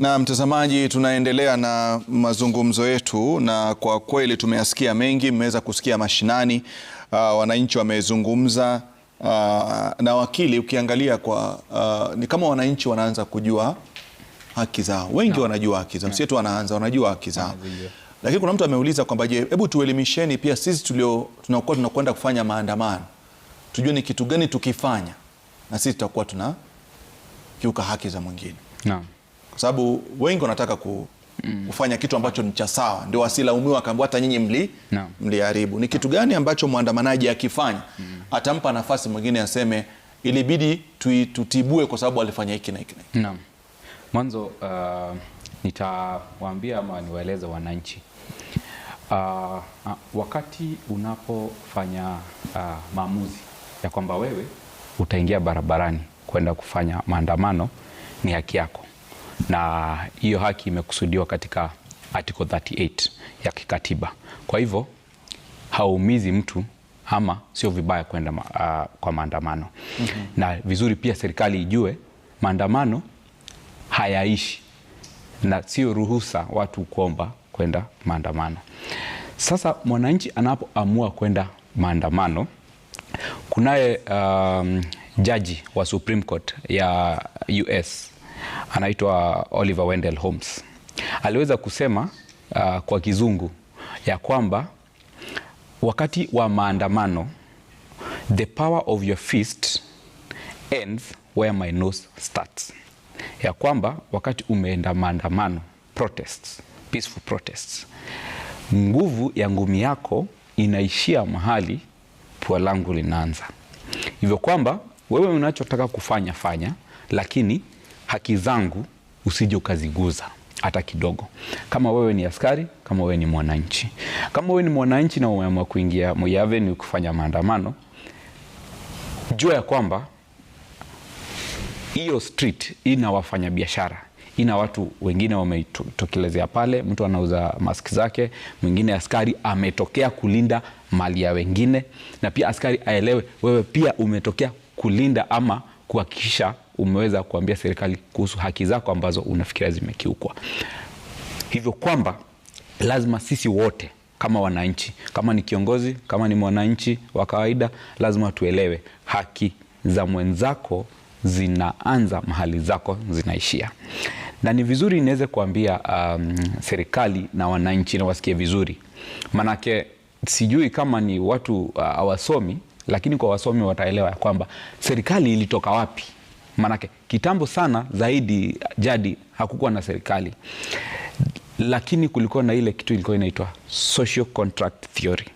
Na mtazamaji, tunaendelea na mazungumzo yetu, na kwa kweli tumeyasikia mengi. Mmeweza kusikia mashinani, uh, wananchi wamezungumza uh, na wakili. Ukiangalia kwa uh, ni kama wananchi wanaanza kujua haki zao, wengi no. wanajua haki zao, sio tu wanaanza, wanajua haki zao no. Lakini kuna mtu ameuliza kwamba je, hebu tuelimisheni pia sisi tulio tunakuwa tunakwenda kufanya maandamano, tujue ni kitu gani tukifanya na sisi tutakuwa tuna kiuka haki za mwingine no kwa sababu wengi wanataka ku, mm. kufanya kitu ambacho ni cha sawa, ndio wasilaumiwa akaambiwa hata nyinyi mli no. mliharibu. Ni kitu gani ambacho mwandamanaji akifanya mm. atampa nafasi mwingine aseme ilibidi tui, tutibue kwa sababu alifanya hiki na hiki na naam. Mwanzo uh, nitawaambia ama niwaeleze wananchi uh, wakati unapofanya uh, maamuzi ya kwamba wewe utaingia barabarani kwenda kufanya maandamano, ni haki yako na hiyo haki imekusudiwa katika Article 38 ya kikatiba. Kwa hivyo hauumizi mtu ama sio vibaya kwenda ma, uh, kwa maandamano mm -hmm. Na vizuri pia serikali ijue maandamano hayaishi na sio ruhusa watu kuomba kwenda maandamano. Sasa mwananchi anapoamua kwenda maandamano, kunaye um, jaji wa Supreme Court ya US anaitwa Oliver Wendell Holmes aliweza kusema uh, kwa kizungu ya kwamba wakati wa maandamano, the power of your fist ends where my nose starts, ya kwamba wakati umeenda maandamano, protests, peaceful protests, nguvu ya ngumi yako inaishia mahali pua langu linaanza. Hivyo kwamba wewe unachotaka kufanya fanya, lakini haki zangu usije ukaziguza hata kidogo. Kama wewe ni askari, kama wewe ni mwananchi, kama wewe ni mwananchi na umeamua kuingia Moyave ni kufanya maandamano, jua ya kwamba hiyo street ina wafanyabiashara ina watu wengine wametokelezea pale. Mtu anauza maski zake, mwingine askari ametokea kulinda mali ya wengine, na pia askari aelewe, wewe pia umetokea kulinda ama kuhakikisha umeweza kuambia serikali kuhusu haki zako ambazo unafikiria zimekiukwa, hivyo kwamba lazima sisi wote kama wananchi, kama ni kiongozi, kama ni mwananchi wa kawaida, lazima tuelewe haki za mwenzako zinaanza mahali zako zinaishia, na ni vizuri niweze kuambia um, serikali na wananchi na wasikie vizuri, manake sijui kama ni watu uh, hawasomi uh, lakini kwa wasomi wataelewa ya kwamba serikali ilitoka wapi Maanake kitambo sana zaidi jadi hakukuwa na serikali, lakini kulikuwa na ile kitu ilikuwa inaitwa social contract theory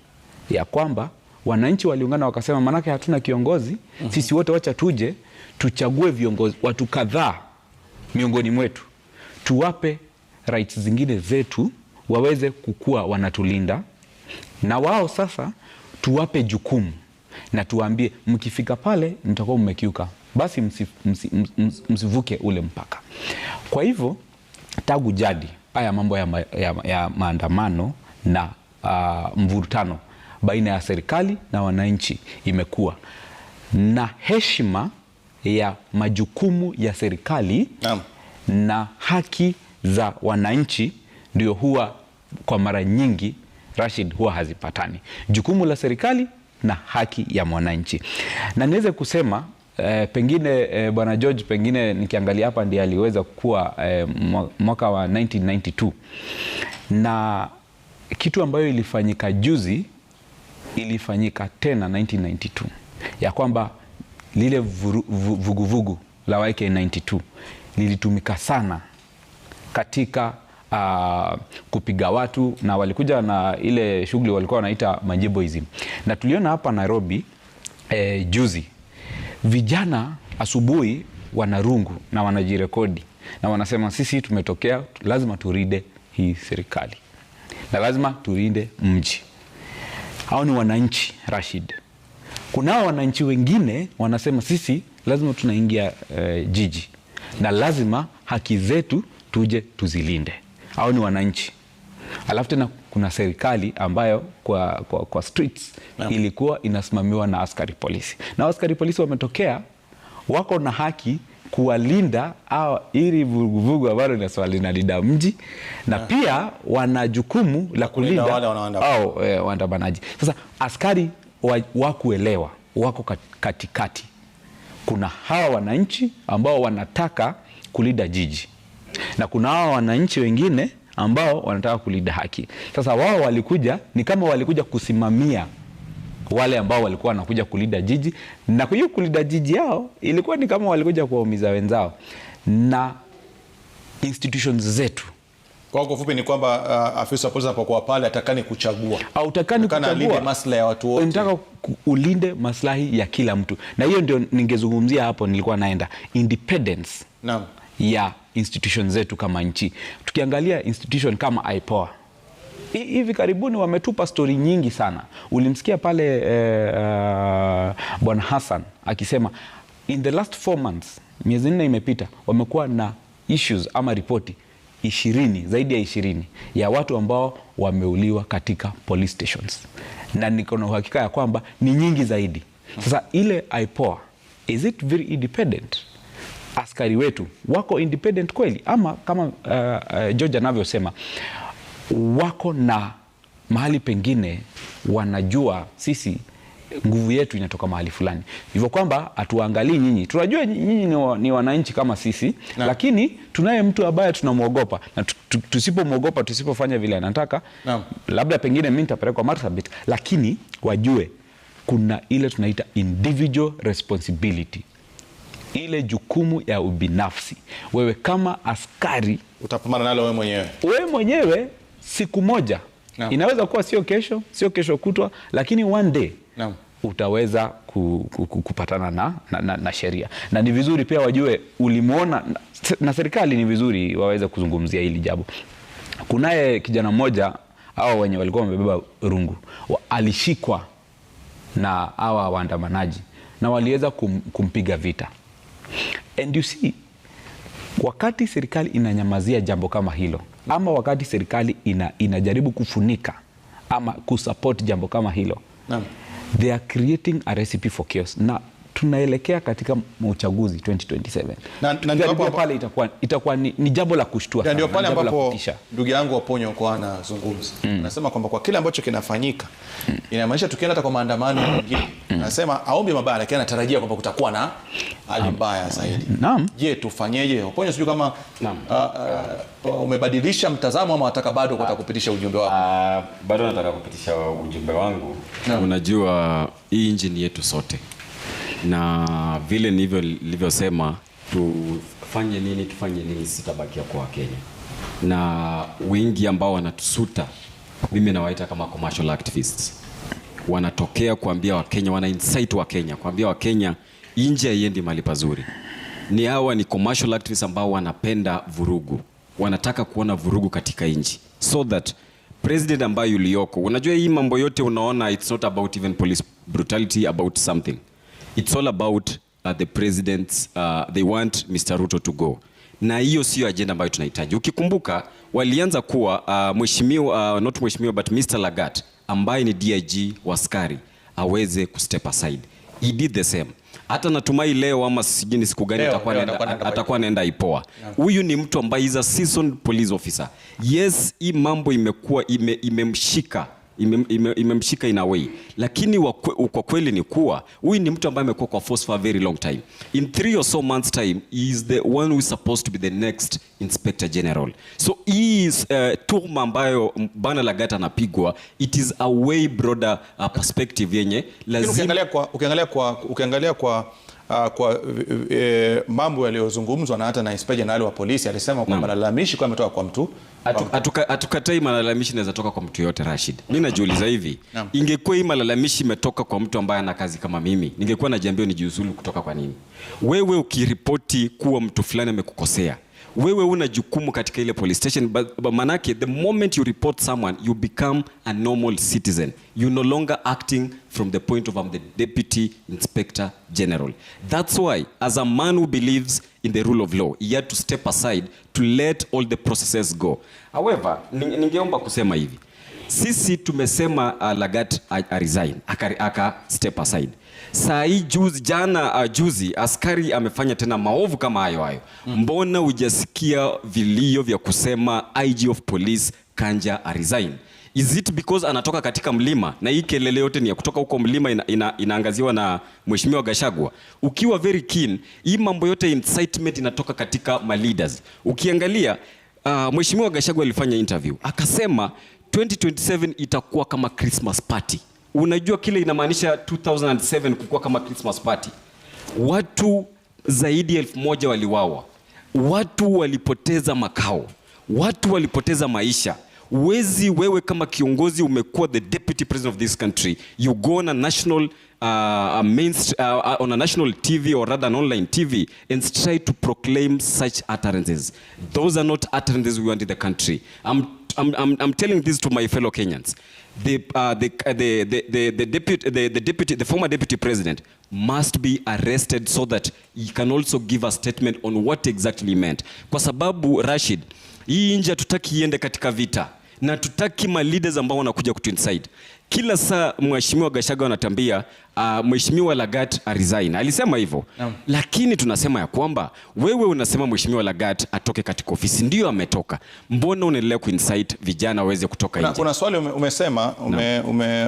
ya kwamba wananchi waliungana wakasema, maanake hatuna kiongozi mm -hmm. Sisi wote wacha tuje tuchague viongozi watu kadhaa miongoni mwetu, tuwape rights zingine zetu waweze kukua wanatulinda, na wao sasa tuwape jukumu na tuwaambie, mkifika pale mtakuwa mmekiuka basi msivuke msi, msi, msi, msi ule mpaka. Kwa hivyo tangu jadi haya mambo ya, ma, ya, ya maandamano na uh, mvurutano baina ya serikali na wananchi imekuwa na heshima ya majukumu ya serikali Naam. na haki za wananchi ndio huwa kwa mara nyingi Rashid, huwa hazipatani, jukumu la serikali na haki ya mwananchi, na niweze kusema Eh, pengine eh, Bwana George pengine nikiangalia hapa ndiye aliweza kuwa eh, mwaka wa 1992 na kitu ambayo ilifanyika juzi ilifanyika tena 1992 ya kwamba lile vuguvugu vugu la YK92 lilitumika sana katika uh, kupiga watu na walikuja na ile shughuli walikuwa wanaita majiboism, na tuliona hapa Nairobi eh, juzi Vijana asubuhi wanarungu na wanajirekodi na wanasema sisi tumetokea, lazima turinde hii serikali na lazima turinde mji. Hao ni wananchi Rashid. Kunao wananchi wengine wanasema sisi lazima tunaingia eh, jiji na lazima haki zetu tuje tuzilinde. Hao ni wananchi, alafu tena kuna serikali ambayo kwa, kwa, kwa streets yeah. ilikuwa inasimamiwa na askari polisi, na askari polisi wametokea, wako na haki kuwalinda au ili vuguvugu ambalo linalinda mji na yeah. pia wana jukumu la kulinda au eh, waandamanaji. Sasa askari wakuelewa wako katikati, kuna hawa wananchi ambao wanataka kulinda jiji na kuna hawa wananchi wengine ambao wanataka kulinda haki. Sasa wao walikuja ni kama walikuja kusimamia wale ambao walikuwa wanakuja kulinda jiji, na hiyo kulinda jiji yao ilikuwa ni kama walikuja kuwaumiza wenzao na institutions zetu. Kwa kufupi ni kwamba uh, afisa polisi anapokuwa pale atakani kuchagua au utakani kuchagua maslahi ya watu wote, nataka ulinde maslahi ya kila mtu, na hiyo ndio ningezungumzia hapo, nilikuwa naenda independence. Naam ya institution zetu kama nchi. Tukiangalia institution kama IPOA hivi karibuni wametupa stori nyingi sana. Ulimsikia pale eh, uh, Bwana Hassan akisema in the last four months, miezi nne imepita, wamekuwa na issues ama ripoti ishirini zaidi ya ishirini ya watu ambao wameuliwa katika police stations, na niko na uhakika ya kwamba ni nyingi zaidi. Sasa ile IPOA is it very independent? askari wetu wako independent kweli, ama kama uh, uh, George anavyosema wako na mahali pengine wanajua sisi nguvu yetu inatoka mahali fulani, hivyo kwamba hatuangalii nyinyi. Tunajua nyinyi ni wananchi kama sisi na, lakini tunaye mtu ambaye tunamwogopa na tusipomwogopa, tusipofanya vile anataka, labda pengine mimi nitapelekwa Marsabit, lakini wajue kuna ile tunaita individual responsibility ile jukumu ya ubinafsi. Wewe kama askari utapambana nalo wewe mwenyewe, wewe mwenyewe siku moja no. Inaweza kuwa sio kesho, sio kesho kutwa, lakini one day no. Utaweza ku, ku, ku, kupatana na, na, na, na sheria na ni vizuri pia wajue ulimwona na, na serikali ni vizuri waweze kuzungumzia hili jambo. Kunaye kijana mmoja hawa wenye walikuwa wamebeba rungu alishikwa na hawa waandamanaji na waliweza kum, kumpiga vita. And you see, wakati serikali inanyamazia jambo kama hilo ama wakati serikali ina, inajaribu kufunika ama kusupport jambo kama hilo They are creating a recipe for chaos na tunaelekea katika uchaguzi 2027 na, na ndio pale itakuwa, itakuwa ni, ni jambo la kushtua sana, ndio pale ambapo ndugu yangu Waponyo kwa anazungumza mm. Anasema kwamba kwa kile ambacho kinafanyika mm. inamaanisha tukienda hata kwa maandamano mengine mm. Anasema aombe mabaya, lakini anatarajia kwamba kutakuwa na hali mbaya zaidi. Naam, je, tufanyeje? Waponyo, sijui kama uh, uh, umebadilisha mtazamo ama unataka bado kwa kupitisha ujumbe wako? Uh, bado nataka kupitisha ujumbe wangu. Naam. Unajua hii injini yetu sote na vile nilivyosema, tufanye nini, tufanye nini, sitabakia kwa Kenya na wengi ambao wanatusuta, mimi nawaita kama commercial activists, wanatokea kuambia Wakenya, wana incite Wakenya kuambia Wakenya nje haiendi mahali pazuri. Ni hawa ni commercial activists ambao wanapenda vurugu, wanataka kuona vurugu katika nchi, so that president ambayo uliyoko, unajua hii mambo yote unaona, it's not about even police brutality, about something it's all about uh, the presidents uh, they want Mr. Ruto to go na hiyo siyo ajenda ambayo tunahitaji. Ukikumbuka walianza kuwa uh, mheshimiwa uh, not mheshimiwa but Mr. Lagat ambaye ni DIG wa askari aweze kustep aside. He did the same. Hata natumai leo ama sijui ni siku gani atakuwa anaenda IPOA. Huyu ni mtu ambaye is a seasoned police officer. Yes, hii mambo imekuwa imemshika ime imemshika ime, ime in a way, lakini kwa kweli ni kuwa huyu ni mtu ambaye amekuwa kwa force for a very long time. In three or so months time he is the one who is supposed to be the next inspector general, so he is uh, tuma ambayo bana Lagata anapigwa, it is a way broader uh, perspective yenye lazima ukiangalia kwa, ukiangalia kwa, ukiangalia kwa uh, kwa e, mambo yaliyozungumzwa na hata na Inspekta Jenerali wa polisi alisema kwa malalamishi kwa ametoka kwa mtu Atukatai malalamishi naweza toka kwa mtu yote Rashid. Mimi najiuliza hivi, ingekuwa hii malalamishi imetoka kwa mtu ambaye ana kazi kama mimi, ningekuwa najiambia nijiuzulu kutoka kwa nini? Wewe ukiripoti kuwa mtu fulani amekukosea wewe una jukumu katika ile police station but, but manake the moment you report someone you become a normal citizen you no longer acting from the point of I'm the deputy inspector general that's why as a man who believes in the rule of law. He had to step aside to let all the processes go. However, ningeomba kusema hivi sisi tumesema uh, Lagat uh, resign aka, aka step aside. Saa hii juzi jana uh, juzi askari amefanya tena maovu kama hayo hayo mm. Mbona hujasikia vilio vya kusema IG of police Kanja a resign? Is it because anatoka katika mlima na hii kelele yote ni ya kutoka huko mlima ina, ina, inaangaziwa na Mheshimiwa Gashagwa. Ukiwa very keen, hii mambo yote incitement inatoka katika ma leaders. Ukiangalia uh, Mheshimiwa Gashagwa alifanya interview akasema 2027 itakuwa kama Christmas party. Unajua kile inamaanisha 2007 kukuwa kama Christmas party. Watu zaidi ya elfu moja waliwawa, watu walipoteza makao, watu walipoteza maisha. Uwezi wewe kama kiongozi umekuwa the deputy president of this country, you go on a national Uh, mainst uh, uh, on a national TV or rather an online TV and try to proclaim such utterances. Those are not utterances we want in the country. I'm, I'm, I'm, I'm telling this to my fellow Kenyans. The, uh, the, uh, the, the, the, the, deputy, the, the, deputy, the former deputy president must be arrested so that he can also give a statement on what exactly he meant. Kwa sababu Rashid, hii nje hatutaki iende katika vita na tutaki ma leaders ambao wanakuja kutu inside. Kila saa mheshimiwa Gashaga anatambia uh, mheshimiwa Lagat a resign. Alisema hivyo. No. Lakini tunasema ya kwamba wewe unasema mheshimiwa Lagat atoke katika ofisi, ndio ametoka. Mbona unaendelea ku kuincite vijana waweze kutoka nje? Kuna swali ume, umesema ume, no. ume,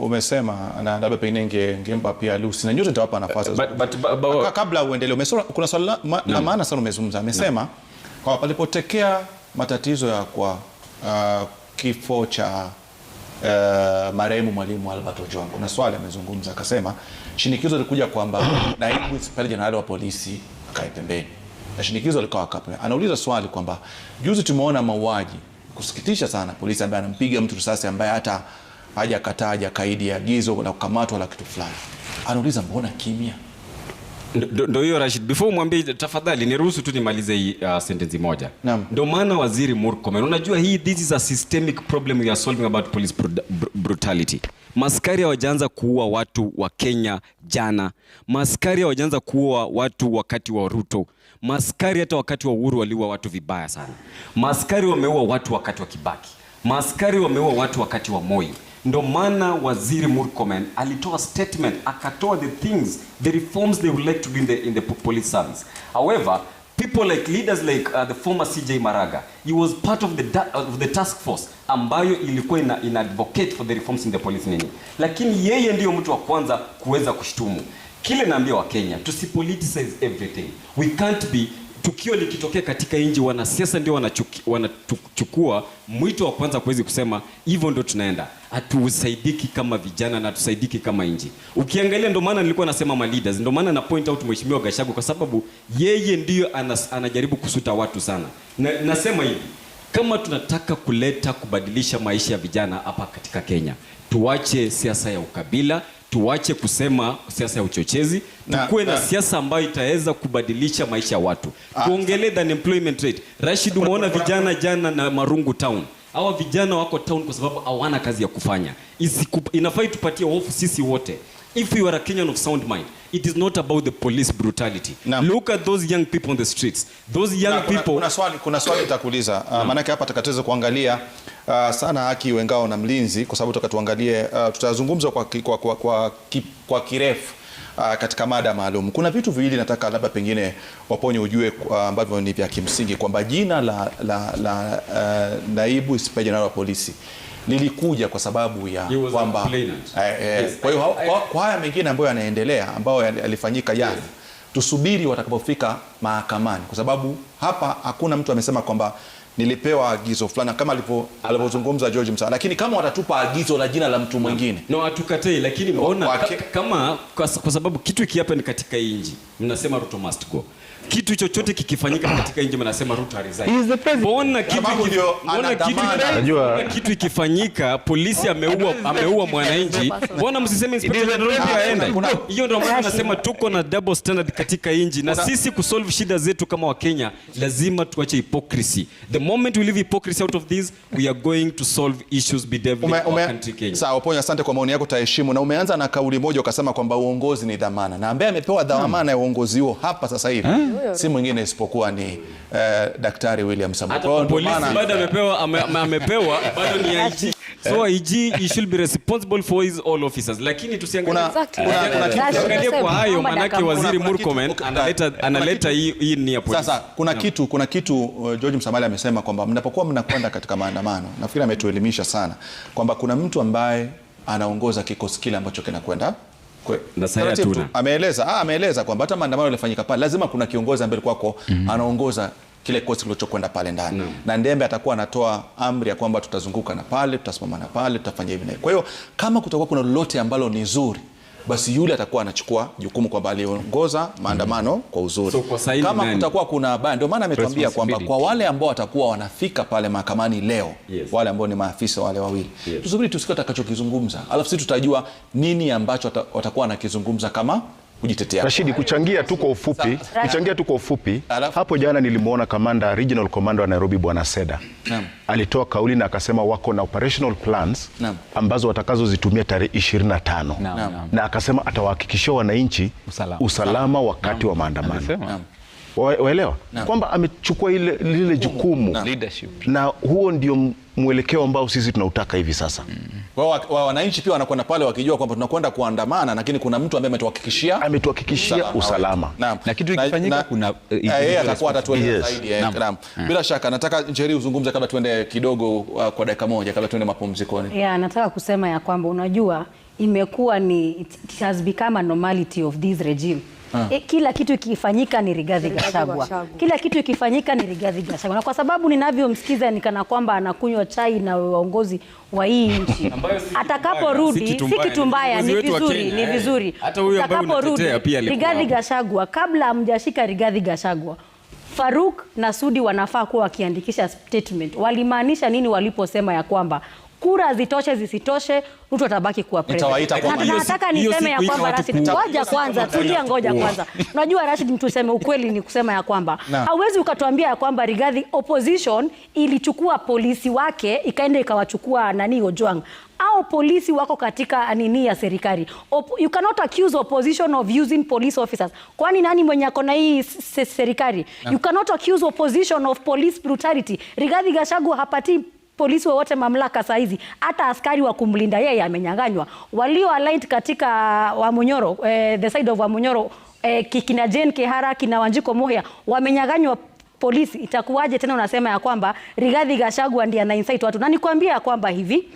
umesema na labda pengine nge, ngempa pia Lucy na nyote nitawapa nafasi. Uh, kabla uendelee, umesema kuna swali la, ma, no. la maana sana umezungumza. Amesema no kwa palipotokea matatizo ya kwa uh, kifo cha uh, marehemu mwalimu Albert Ojwang', na swali amezungumza akasema shinikizo lilikuja kwamba naibu inspekta jenerali wa polisi akae pembeni na shinikizo likawa kapa. Anauliza swali kwamba juzi tumeona mauaji kusikitisha sana, polisi ambaye anampiga mtu risasi ambaye hata hajakataa hajakaidi agizo la kukamatwa la kitu fulani, anauliza mbona kimya? Ndo hiyo Rashid, before mwambie, tafadhali niruhusu tu nimalize hii uh, sentensi moja. Ndo maana waziri Murkomen, unajua hii, this is a systemic problem we are solving about police brutality. Maskari hawajaanza kuua watu wa Kenya jana, maskari hawajaanza kuua watu wakati wa Ruto, maskari hata wakati wa Uhuru waliua watu vibaya sana, maskari wameua watu wakati wa Kibaki, maskari wameua watu wakati wa Moi. Ndo maana waziri Murkomen alitoa statement, akatoa the things the reforms they would like to do in the, in the police service. However, people like leaders like uh, the former CJ Maraga he was part of the, uh, of the task force ambayo ilikuwa ina, ina advocate for the reforms in the police nini, lakini yeye ndiyo mtu wa kwanza kuweza kushtumu kile naambia wa Kenya tusipoliticize everything we can't be tukio likitokea katika nji wanasiasa ndio wanachukua mwito wa kwanza kuwezi kusema hivyo ndio tunaenda. Hatusaidiki kama vijana na hatusaidiki kama nji Ukiangalia, ndio maana nilikuwa nasema ma leaders, ndio maana na point out mheshimiwa Gashagu kwa sababu yeye ndiyo anas, anajaribu kusuta watu sana na, nasema hivi kama tunataka kuleta kubadilisha maisha ya vijana hapa katika Kenya, tuache siasa ya ukabila tuache kusema siasa ya uchochezi, tukuwe na, na siasa ambayo itaweza kubadilisha maisha ya watu. Ah. Tuongelee the unemployment rate. Rashid, umeona vijana jana na Marungu Town, hawa vijana wako town kwa sababu hawana kazi ya kufanya. Isiku, inafai tupatie hofu sisi wote If you are a Kenyan of sound mind, it is not about the police brutality. Na. Look at those young people on the streets. Those young na, people... Kuna swali, kuna swali takuuliza. Uh, ah, maanake hapa takatuweza kuangalia uh, sana haki wengao na mlinzi kwa sababu tukatuangalie uh, ah, tutazungumza kwa, kwa, kwa, kwa, kwa kirefu Uh, katika mada maalum kuna vitu viwili nataka labda pengine waponye ujue ambavyo uh, ni vya kimsingi kwamba jina la, la, la uh, naibu inspekta jenerali wa polisi lilikuja kwa sababu ya kwamba eh, eh, yes. Kwa hiyo kwa haya mengine ambayo yanaendelea ambayo yalifanyika jana yes. Tusubiri watakapofika mahakamani, kwa sababu hapa hakuna mtu amesema kwamba nilipewa agizo fulani kama alivyozungumza George Msa. lakini kama watatupa agizo la jina la mtu mwingine no, hatukatei lakini mbona kama kwa, kwa sababu kitu kiapa ni katika inji mnasema Ruto must go kitu chochote kikifanyika katika nje mnasema Ruto resign. Mbona kitu hiyo mbona kitu unajua kitu ikifanyika polisi ameua ameua mwananchi, mbona msiseme inspector Ruto aende? Hiyo ndio maana nasema tuko na double standard katika nje na sisi kusolve shida zetu kama wa Kenya lazima tuache hypocrisy. The moment we leave hypocrisy out of this, we are going to solve issues be devil in our country Kenya. Sawa, Ponyo, asante kwa maoni yako, taheshimu. Na umeanza na kauli moja ukasema kwamba uongozi ni dhamana, na ambaye amepewa dhamana ya uongozi huo hapa sasa hivi si mwingine isipokuwa ni uh, Daktari William Samoei. Bado amepewa amepewa bado ni IG. Eh. So IG he should be responsible for his all officers. Lakini tusiangalie kwa hayo manake Waziri Murkomen analeta analeta hii ni hapo. Sasa kuna kitu kuna kitu uh, George Msamali amesema kwamba mnapokuwa mnakwenda katika maandamano, nafikiri ametuelimisha sana kwamba kuna mtu ambaye anaongoza kikosi kile ambacho kinakwenda Ameeleza ah, ameeleza kwamba hata maandamano yalifanyika pale, lazima kuna kiongozi ambaye kwako mm -hmm. anaongoza kile kikosi kilichokwenda pale ndani no. na Ndembe atakuwa anatoa amri ya kwamba tutazunguka na pale, tutasimama na pale, tutafanya hivi na hivi. Kwa hiyo kama kutakuwa kuna lolote ambalo ni zuri basi yule atakuwa anachukua jukumu kwamba aliongoza maandamano mm. kwa uzuri. So, kwa kama kutakuwa kuna habari, ndio maana ametuambia kwamba kwa wale ambao watakuwa wanafika pale mahakamani leo yes. wale ambao ni maafisa wale wawili yes. tusubiri tusikie atakachokizungumza, alafu sisi tutajua nini ambacho watakuwa wanakizungumza kama kujitetea. Rashidi, kuchangia tu kwa ufupi, kuchangia tu kwa ufupi. Hapo jana nilimwona kamanda regional commander wa Nairobi Bwana Seda Naam. alitoa kauli na akasema wako na operational plans Naam. ambazo watakazozitumia tarehe 25 Naam. na akasema atawahakikishia wananchi usalama, usalama wakati Naam. wa maandamano waelewa kwamba amechukua ile lile jukumu Naam. na huo ndio mwelekeo ambao sisi tunautaka hivi sasa mm. Kwa wananchi pia wanakwenda pale wakijua kwamba tunakwenda kuandamana, lakini kuna mtu ambaye ametuhakikishia ametuhakikishia usalama, na, Na kitu kikifanyika, kuna uh, yeye atakuwa atatueleza zaidi. Mm. Bila shaka nataka Njeri uzungumze kabla tuende kidogo uh, kwa dakika moja kabla tuende mapumzikoni. Yeah, nataka kusema ya kwamba unajua imekuwa ni it has become a normality of this regime E, kila kitu ikifanyika ni Rigathi Gachagua, kila kitu ikifanyika ni Rigathi Gachagua, na kwa sababu ninavyomsikiza nikana kwamba anakunywa chai na waongozi wa hii nchi atakaporudi, si kitu mbaya, ni vizuri, ni eh. vizuri atakaporudi Rigathi Gachagua, kabla amjashika Rigathi Gachagua Faruk na Sudi wanafaa kuwa wakiandikisha statement walimaanisha nini waliposema ya kwamba kura zitoshe zisitoshe, Ruto atabaki kuwa president. Nataka niseme ya kwamba Rashid, ngoja kwanza, tulia, ngoja kwanza. Unajua Rashid, mtu tuseme ukweli ni kusema ya kwamba hauwezi ukatuambia ya kwamba Rigathi opposition ilichukua polisi wake ikaenda ikawachukua nani Ojwang au polisi wako katika nini ya serikali. You cannot accuse opposition of using police officers. Kwani nani mwenye ako na hii serikali? You cannot accuse opposition of police brutality. Rigathi Gachagua hapati polisi wowote mamlaka saa hizi, hata askari wa kumlinda yeye amenyang'anywa. Walio aligned katika Wamunyoro, eh, the side of Wamunyoro eh, kina Jane Kihara kina Wanjiko Muhia wamenyang'anywa polisi, itakuwaje tena unasema ya kwamba Rigathi Gachagua ndiye ana insight watu? Na nikwambia ya kwamba hivi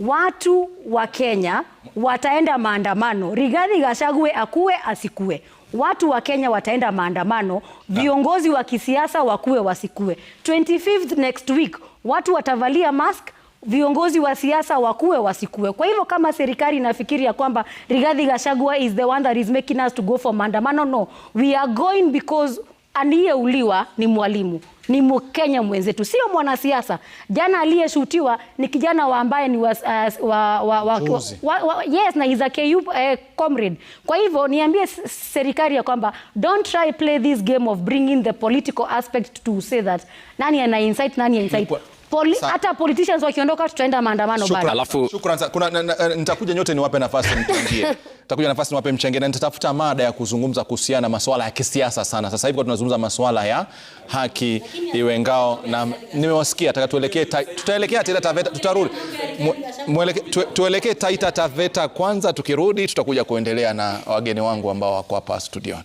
watu wa Kenya wataenda maandamano, Rigathi Gachagua akue asikue watu wa Kenya wataenda maandamano, viongozi wa kisiasa wakue wasikue. 25th next week watu watavalia mask viongozi wa siasa wakuwe wasikue. Kwa hivyo kama serikali inafikiri ya kwamba Rigathi Gachagua is the one that is making us to go for maandamano, no, we are going because aliyeuliwa ni mwalimu ni Mkenya mwenzetu, sio mwanasiasa. Jana aliyeshutiwa ni kijana wa ambaye ni wa, uh, wa, wa, wa, wa, wa, yes na is a KU uh, comrade. Kwa hivyo niambie serikali ya kwamba don't try play this game of bringing the political aspect to say that nani ana insight nani insight Poli, hata politicians wakiondoka tutaenda maandamano bado. Alafu shukrani sana. Kuna nitakuja nyote niwape nafasi mchangie. Nitakuja nafasi niwape mchangie na nitatafuta mada ya kuzungumza kuhusiana na masuala ya kisiasa sana. Sasa hivi kwa tunazungumza masuala ya haki iwe ngao na nimewasikia taka tuelekee tutaelekea Taita Taveta tutarudi. Tuelekee Taita Taveta kwanza tukirudi tutakuja kuendelea na wageni wangu ambao wako hapa studioni.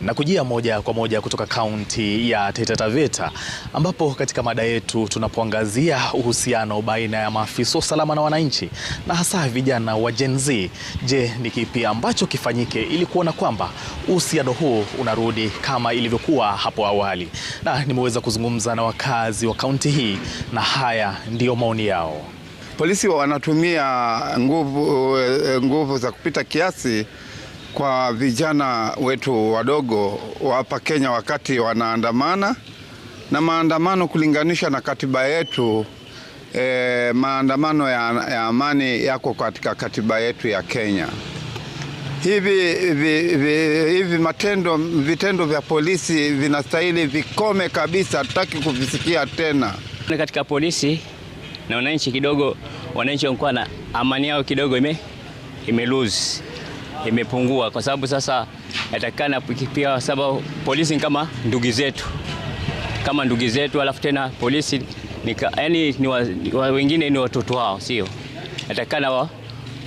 Na kujia moja kwa moja kutoka kaunti ya Taita Taveta ambapo katika mada yetu tunapoangazia uhusiano baina ya maafisa wa usalama na wananchi na hasa vijana wa Gen Z. Je, ni kipi ambacho kifanyike ili kuona kwamba uhusiano huu unarudi kama ilivyokuwa hapo awali? Na nimeweza kuzungumza na wakazi wa kaunti hii na haya ndiyo maoni yao. Polisi wanatumia nguvu, eh, nguvu za kupita kiasi kwa vijana wetu wadogo wa hapa Kenya wakati wanaandamana na maandamano kulinganisha na katiba yetu. E, maandamano ya, ya amani yako katika katiba yetu ya Kenya. Hivi, hivi, hivi, hivi matendo vitendo vya polisi vinastahili vikome kabisa, hataki kuvisikia tena. Katika polisi na wananchi kidogo, wananchi wanakuwa na amani yao kidogo ime imeluzi imepungua, kwa sababu sasa natakikana pia, sababu polisi ni kama ndugu zetu, kama ndugu zetu, alafu tena polisi wa, wengine ni watoto wao, sio natakikana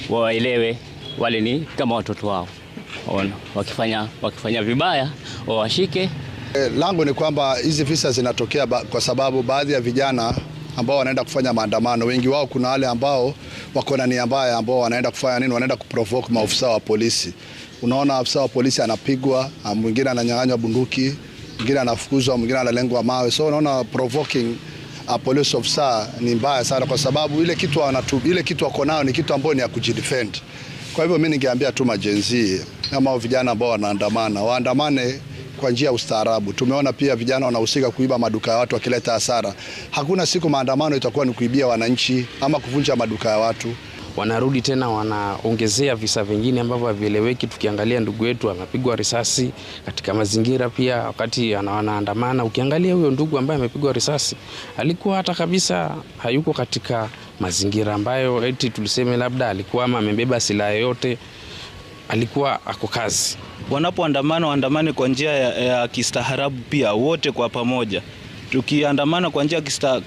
waelewe wale ni kama watoto wao, wakifanya, wakifanya vibaya wawashike. Eh, Langu ni kwamba hizi visa zinatokea kwa sababu baadhi ya vijana ambao wanaenda kufanya maandamano. Wengi wao kuna wale ambao wako na nia mbaya, ambao wanaenda kufanya nini? Wanaenda kuprovoke maofisa wa polisi. Unaona, afisa wa polisi anapigwa, mwingine ananyang'anywa bunduki, mwingine anafukuzwa, mwingine analengwa mawe. So unaona provoking a police officer ni mbaya sana, kwa sababu ile kitu wanatu, ile kitu wako nayo ni kitu ambayo ni ya kujidefend. Kwa hivyo mimi ningeambia tu majenzi ama vijana ambao wanaandamana waandamane kwa njia ya ustaarabu. Tumeona pia vijana wanahusika kuiba maduka ya watu wakileta hasara. Hakuna siku maandamano itakuwa ni kuibia wananchi ama kuvunja maduka ya watu. Wanarudi tena wanaongezea visa vingine ambavyo havieleweki. Tukiangalia ndugu wetu amepigwa risasi katika mazingira, pia wakati wanaandamana. Ukiangalia huyo ndugu ambaye amepigwa risasi alikuwa hata kabisa hayuko katika mazingira ambayo eti tuliseme labda alikuwa ama amebeba silaha yoyote, alikuwa ako kazi wanapoandamana waandamane kwa njia ya, ya kistaarabu pia wote kwa pamoja. Tukiandamana kwa njia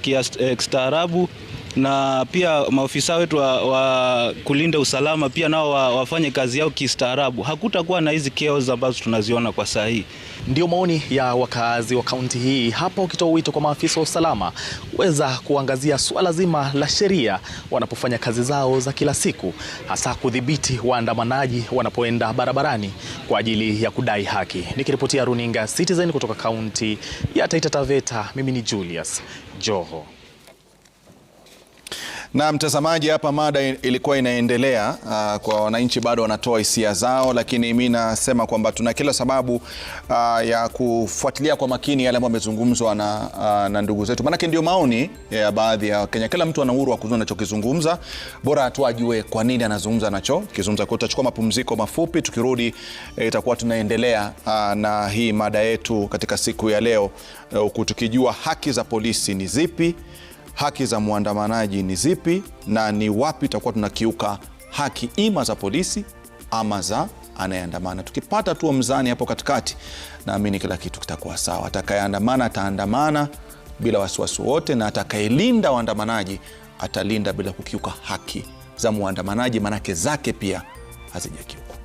ya eh, kistaarabu na pia maofisa wetu wa, wa kulinda usalama pia nao wa, wafanye kazi yao kistaarabu. Hakutakuwa na hizi chaos ambazo tunaziona kwa saa hii. Ndio maoni ya wakazi wa kaunti hii hapa, ukitoa wito kwa maafisa wa usalama kuweza kuangazia suala zima la sheria wanapofanya kazi zao za kila siku, hasa kudhibiti waandamanaji wanapoenda barabarani kwa ajili ya kudai haki. Nikiripotia runinga Citizen kutoka kaunti ya Taita Taveta, mimi ni Julius Joho. Na mtazamaji, hapa mada ilikuwa inaendelea uh, kwa wananchi bado wanatoa hisia zao, lakini mi nasema kwamba tuna kila sababu uh, ya kufuatilia kwa makini yale ambayo yamezungumzwa na, uh, na ndugu zetu, maanake ndio maoni ya baadhi ya Wakenya. Kila mtu ana uhuru wa kuzungumza anachokizungumza, bora tu ajue kwa nini anazungumza anachokizungumza. Kwa tutachukua mapumziko mafupi, tukirudi eh, itakuwa tunaendelea uh, na hii mada yetu katika siku ya leo, eh, huku uh, tukijua haki za polisi ni zipi haki za mwandamanaji ni zipi na ni wapi tutakuwa tunakiuka haki ima za polisi ama za anayeandamana. Tukipata tu mzani hapo katikati, naamini kila kitu kitakuwa sawa. Atakayeandamana ataandamana bila wasiwasi wote, na atakayelinda waandamanaji atalinda bila kukiuka haki za mwandamanaji, maanake zake pia hazijakiuka.